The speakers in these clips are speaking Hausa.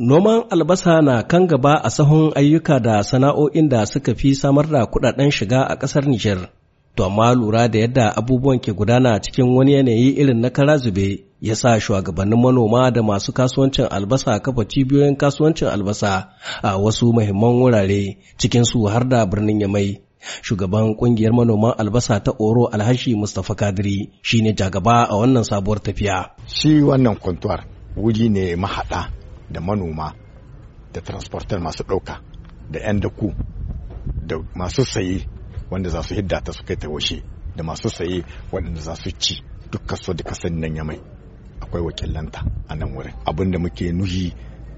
Noman albasa na kan gaba a sahun ayyuka da sana'o'in da suka fi samar da kudaden shiga a ƙasar Nijar. To amma lura da yadda abubuwan ke gudana cikin wani yanayi irin na kara zube ya sa shugabannin manoma da masu kasuwancin albasa kafa cibiyoyin kasuwancin albasa a wasu mahimman wurare cikin su har da birnin Yamai. Shugaban kungiyar manoman albasa ta Oro Alhashi Mustapha Kadiri shine jagaba a wannan sabuwar tafiya. Shi wannan kwantuwar wuri ne mahaɗa da manoma da transporter masu ɗauka da 'yan daku da masu saye wanda za su hidda su kai ta washe da masu saye waɗanda za su ci duk kaso da kasan nan ya mai akwai wakilanta a nan wurin abinda muke nuhi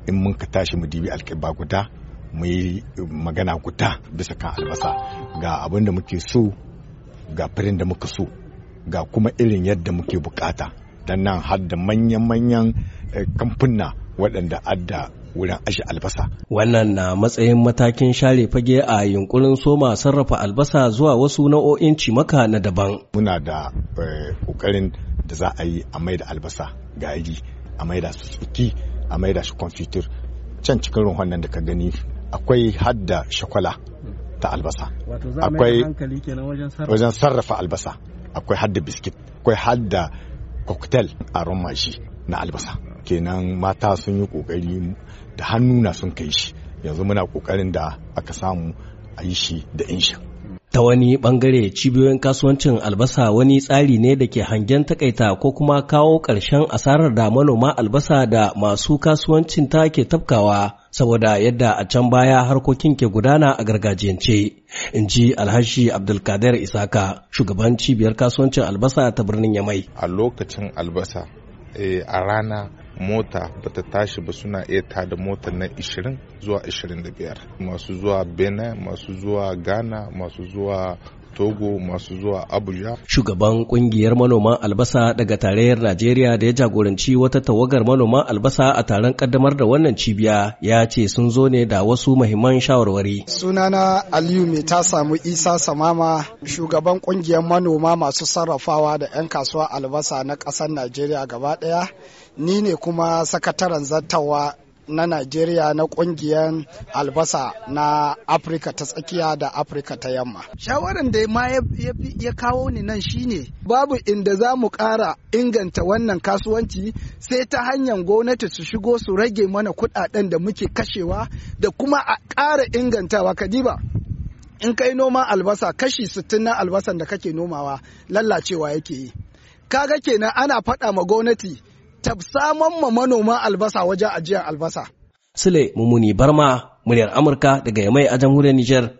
in mun ka tashi mu dibi alƙiba guda mu yi magana guda bisa kan albasa ga abin da muke so ga firin da muka so ga kuma irin yadda muke bukata don nan har da manyan-manyan eh, kamfuna waɗanda adda wurin ashe albasa. Wannan na matsayin matakin share fage a yunkurin soma sarrafa albasa zuwa wasu nau'o'in cimaka na daban. Muna da eh, ƙoƙarin da za a yi a maida albasa gari, a maida su tsuki, a maida shi konfitur. Can cikin ruhon nan da ka gani akwai hadda shakwala ta albasa. Akwai wajen sarrafa albasa. Akwai hadda biskit, akwai hadda cocktail a rummashi na albasa. kenan mata sun yi kokari da hannu na sun kai shi yanzu muna kokarin da aka samu a yi shi da insha ta wani bangare cibiyoyin kasuwancin albasa wani tsari ne da ke hangen takaita ko kuma kawo ƙarshen asarar da manoma albasa da masu kasuwancin ta ke tafkawa saboda yadda a can baya harkokin ke gudana a gargajiyance in ji alhashi abdulkadir isaka shugaban cibiyar kasuwancin albasa ta birnin yamai a lokacin albasa eh, a rana mota bata tashi ba suna iya ta da mota na 20 zuwa 25 masu zuwa benin masu zuwa ghana masu zuwa togo masu zuwa abuja shugaban kungiyar manoman albasa daga tarayyar najeriya da ya jagoranci wata tawagar manoman albasa a taron kaddamar da wannan cibiya ya ce sun zo ne da wasu mahimman shawarwari sunana aliyu mai ta samu isa samama shugaban kungiyar manoma masu sarrafawa da 'yan kasuwa albasa na ƙasar najeriya gaba ɗaya ni ne kuma sakataren zartawa na Najeriya na kungiyar albasa na Afirka ta tsakiya da Afirka ta yamma. Shawaran da ma ya kawo ni nan shine babu inda za mu ƙara inganta wannan kasuwanci sai ta hanyar gwamnati su shigo su rage mana kuɗaɗen da muke kashewa da kuma a ƙara ingantawa kadiba. In kai noma albasa kashi sittin na albasan da kake nomawa lallacewa yake yi. Kaga kenan ana faɗa ma gwamnati tafsaman ma manoma albasa wajen ajiyar albasa. Sule Mumuni Barma, muryar Amurka daga Yamai a jamhuriyar Nijar.